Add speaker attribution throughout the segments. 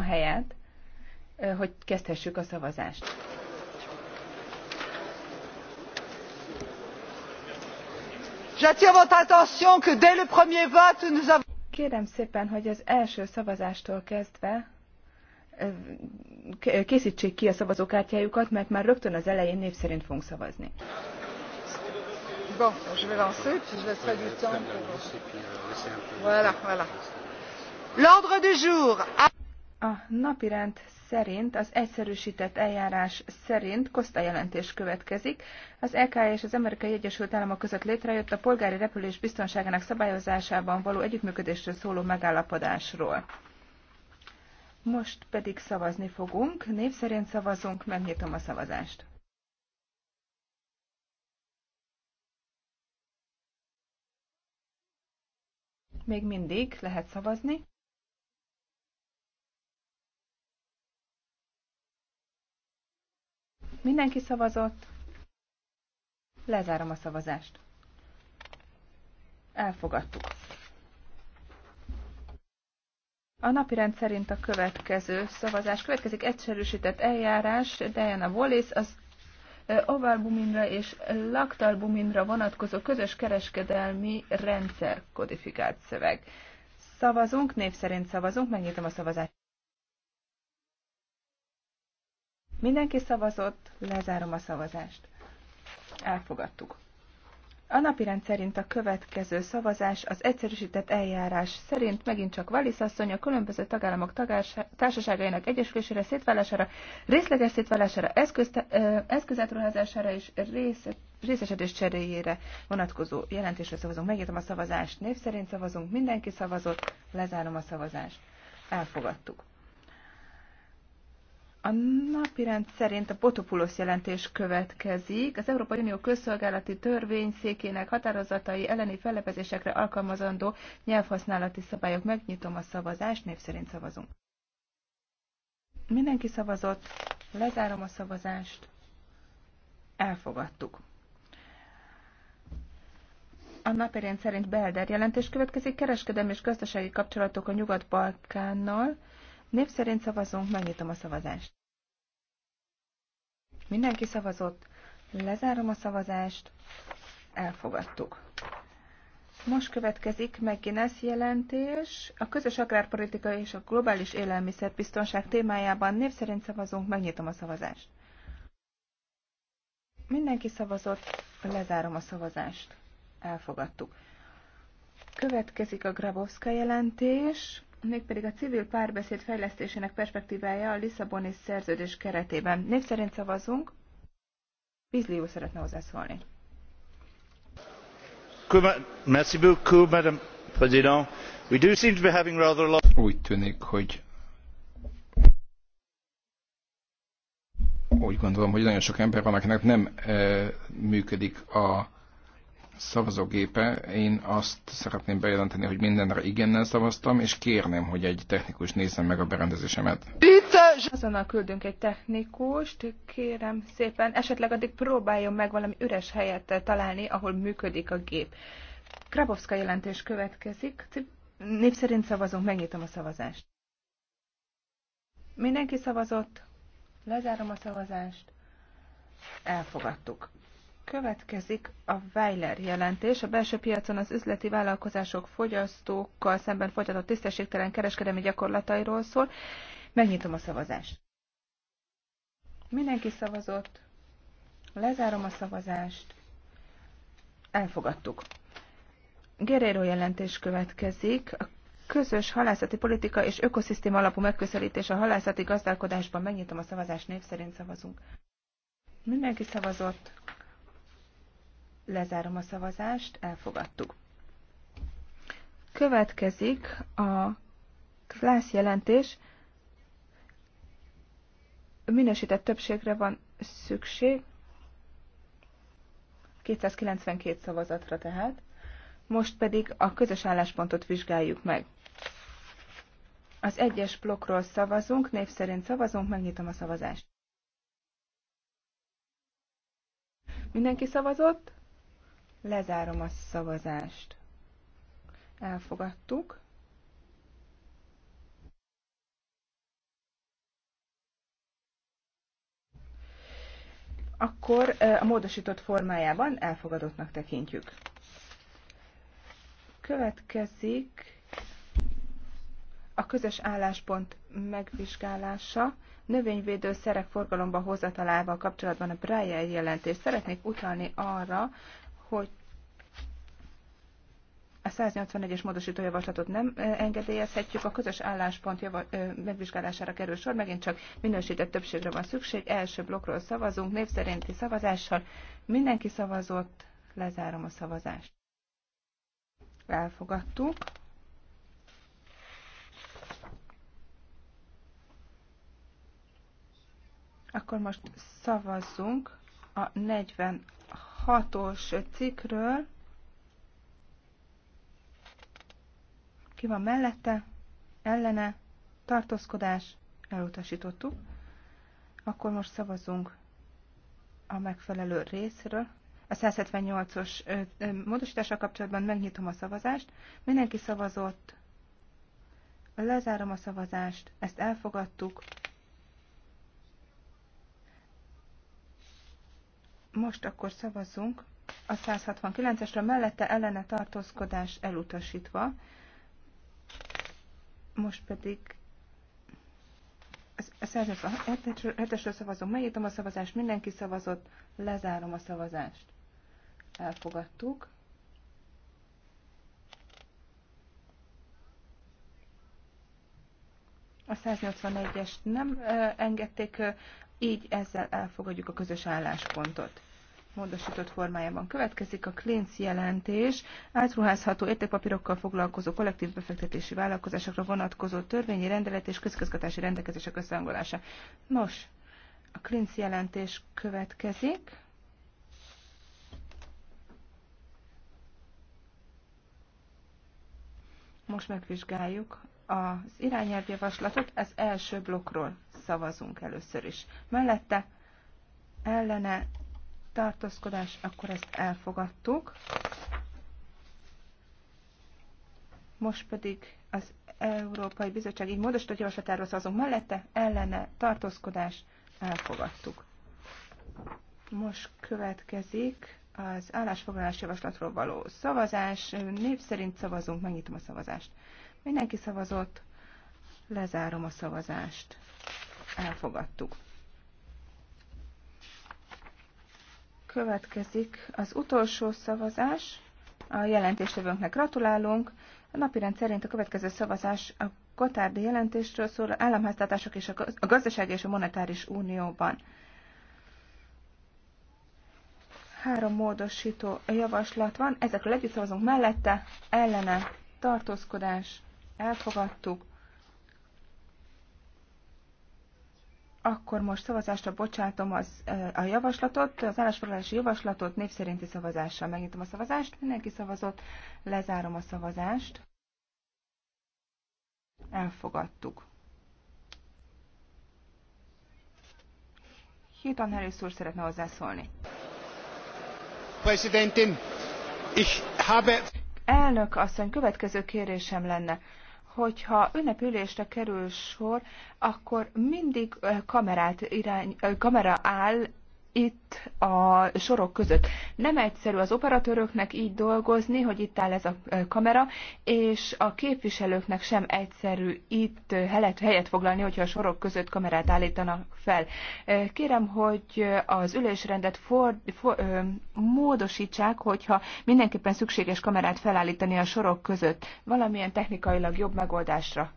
Speaker 1: foglaljon helyet, hogy kezdhessük a szavazást. Kérem szépen, hogy az első szavazástól kezdve készítsék ki a szavazókártyájukat, mert már rögtön az elején név szerint fogunk szavazni. Bon, je vais lancer, puis je laisserai du temps Voilà, voilà. L'ordre du jour. A napirend szerint, az egyszerűsített eljárás szerint Kosta jelentés következik. Az LK e és az Amerikai Egyesült Államok között létrejött a polgári repülés biztonságának szabályozásában való együttműködésről szóló megállapodásról. Most pedig szavazni fogunk. Név szerint szavazunk, megnyitom a szavazást. Még mindig lehet szavazni. Mindenki szavazott. Lezárom a szavazást. Elfogadtuk. A napirend szerint a következő szavazás következik egyszerűsített eljárás. Diana Wallis az ovalbuminra és laktalbuminra vonatkozó közös kereskedelmi rendszer kodifikált szöveg. Szavazunk, név szerint szavazunk, megnyitom a szavazást. Mindenki szavazott, lezárom a szavazást. Elfogadtuk. A napirend szerint a következő szavazás az egyszerűsített eljárás szerint megint csak Wallis asszony a különböző tagállamok tagása, társaságainak egyesülésére, szétválására, részleges szétválására, eszközátruházására és rész, részesedés cseréjére vonatkozó jelentésre szavazunk. Megértem a szavazást, név szerint szavazunk, mindenki szavazott, lezárom a szavazást. Elfogadtuk. A napirend szerint a Potopulos jelentés következik. Az Európai Unió közszolgálati törvényszékének határozatai elleni fellepezésekre alkalmazandó nyelvhasználati szabályok. Megnyitom a szavazást, név szerint szavazunk. Mindenki szavazott, lezárom a szavazást, elfogadtuk. A napirend szerint Belder jelentés következik, kereskedelmi és gazdasági kapcsolatok a Nyugat-Balkánnal. Név szerint szavazunk, megnyitom a szavazást. Mindenki szavazott, lezárom a szavazást, elfogadtuk. Most következik McGuinness jelentés. A közös agrárpolitika és a globális élelmiszerbiztonság témájában név szerint szavazunk, megnyitom a szavazást. Mindenki szavazott, lezárom a szavazást. Elfogadtuk. Következik a Grabowska jelentés mégpedig a civil párbeszéd fejlesztésének perspektívája a Lisszaboni szerződés keretében. Név szerint szavazunk. Bizlió szeretne hozzászólni. We
Speaker 2: do seem to be having rather a lot... Úgy tűnik, hogy úgy gondolom, hogy nagyon sok ember van, akinek nem e, működik a szavazógépe, én azt szeretném bejelenteni, hogy mindenre igennel szavaztam, és kérném, hogy egy technikus nézzen meg a berendezésemet.
Speaker 1: Azonnal küldünk egy technikust, kérem szépen, esetleg addig próbáljon meg valami üres helyet találni, ahol működik a gép. Krabowska jelentés következik. Név szerint szavazunk, megnyitom a szavazást. Mindenki szavazott, lezárom a szavazást, elfogadtuk. Következik a Weiler jelentés. A belső piacon az üzleti vállalkozások fogyasztókkal szemben folytatott tisztességtelen kereskedelmi gyakorlatairól szól. Megnyitom a szavazást. Mindenki szavazott. Lezárom a szavazást. Elfogadtuk. Guerrero jelentés következik. A közös halászati politika és ökoszisztéma alapú megközelítés a halászati gazdálkodásban. Megnyitom a szavazást, név szerint szavazunk. Mindenki szavazott. Lezárom a szavazást, elfogadtuk. Következik a klász jelentés. Minősített többségre van szükség. 292 szavazatra tehát. Most pedig a közös álláspontot vizsgáljuk meg. Az egyes blokkról szavazunk, név szerint szavazunk, megnyitom a szavazást. Mindenki szavazott? Lezárom a szavazást. Elfogadtuk. Akkor a módosított formájában elfogadottnak tekintjük. Következik a közös álláspont megvizsgálása növényvédő szerek forgalomba hozatalával kapcsolatban a Breyer jelentés. Szeretnék utalni arra, hogy a 181-es módosító javaslatot nem engedélyezhetjük, a közös álláspont java, megvizsgálására kerül sor, megint csak minősített többségre van szükség, első blokkról szavazunk, név szerinti szavazással, mindenki szavazott, lezárom a szavazást. Elfogadtuk. Akkor most szavazzunk a 6-os cikkről. Ki van mellette? Ellene? Tartózkodás? Elutasítottuk. Akkor most szavazunk a megfelelő részről. A 178-os módosítással kapcsolatban megnyitom a szavazást. Mindenki szavazott. Lezárom a szavazást. Ezt elfogadtuk. Most akkor szavazzunk a 169-esre mellette ellene tartózkodás elutasítva. Most pedig a 167 esről szavazunk. Megnyitom a szavazást, mindenki szavazott, lezárom a szavazást. Elfogadtuk. A 181-est nem engedték, így ezzel elfogadjuk a közös álláspontot módosított formájában következik a Klinc jelentés, átruházható értékpapírokkal foglalkozó kollektív befektetési vállalkozásokra vonatkozó törvényi rendelet és közközgatási rendelkezések összehangolása. Nos, a Klinc jelentés következik. Most megvizsgáljuk az irányelvjavaslatot, ez első blokkról szavazunk először is. Mellette ellene tartózkodás, akkor ezt elfogadtuk. Most pedig az Európai Bizottság így módosított javaslatáról szavazunk mellette, ellene tartózkodás, elfogadtuk. Most következik az állásfoglalás javaslatról való szavazás. Név szerint szavazunk, megnyitom a szavazást. Mindenki szavazott, lezárom a szavazást. Elfogadtuk. Következik az utolsó szavazás. A jelentéstevőnknek gratulálunk. A napirend szerint a következő szavazás a Kotárdi jelentésről szól, államháztartások és a gazdasági és a monetáris unióban. Három módosító javaslat van, ezekről együtt szavazunk mellette, ellene, tartózkodás, elfogadtuk. Akkor most szavazásra bocsátom az, a javaslatot, az állásfoglalási javaslatot név szerinti szavazással. Megnyitom a szavazást, mindenki szavazott, lezárom a szavazást. Elfogadtuk. Hilton Harris úr szeretne hozzászólni. Präsidentin, ich habe... Elnök asszony, következő kérésem lenne hogyha ünnepülésre kerül sor, akkor mindig eh, kamerát irány, eh, kamera áll itt a sorok között. Nem egyszerű az operatőröknek így dolgozni, hogy itt áll ez a kamera, és a képviselőknek sem egyszerű itt helyet foglalni, hogyha a sorok között kamerát állítanak fel. Kérem, hogy az ülésrendet for, for, módosítsák, hogyha mindenképpen szükséges kamerát felállítani a sorok között. Valamilyen technikailag jobb megoldásra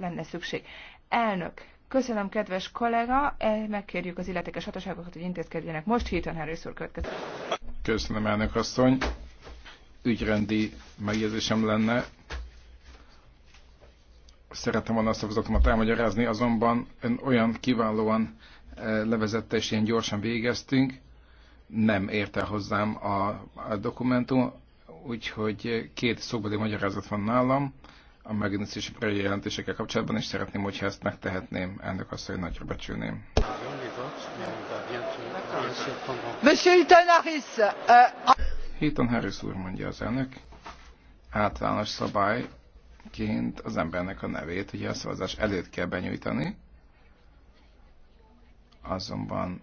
Speaker 1: lenne szükség. Elnök, Köszönöm, kedves kollega. E, megkérjük az illetékes hatóságokat, hogy intézkedjenek. Most héten először következik.
Speaker 2: Köszönöm, elnök asszony. Ügyrendi megjegyzésem lenne. Szeretem volna a szavazatomat elmagyarázni, azonban ön olyan kiválóan e, levezette és ilyen gyorsan végeztünk. Nem érte hozzám a, a dokumentum, úgyhogy két szóbeli magyarázat van nálam a megindítási jelentésekkel kapcsolatban, és szeretném, hogyha ezt megtehetném, ennek azt, hogy nagyra becsülném.
Speaker 1: Monsieur Hilton Harris!
Speaker 2: Euh, Harris úr mondja az elnök. Általános szabályként az embernek a nevét, ugye a szavazás előtt kell benyújtani, azonban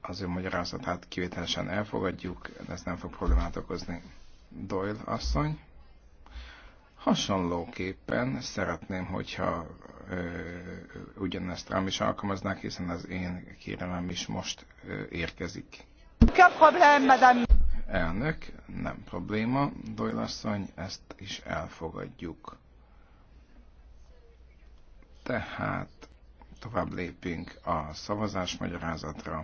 Speaker 2: az ő magyarázatát kivételesen elfogadjuk, ez nem fog problémát okozni. Doyle asszony. Hasonlóképpen szeretném, hogyha ö, ugyanezt rám is alkalmaznák, hiszen az én kérelem is most ö, érkezik. madame. Elnök, nem probléma, Doyle asszony, ezt is elfogadjuk. Tehát tovább lépünk a szavazásmagyarázatra.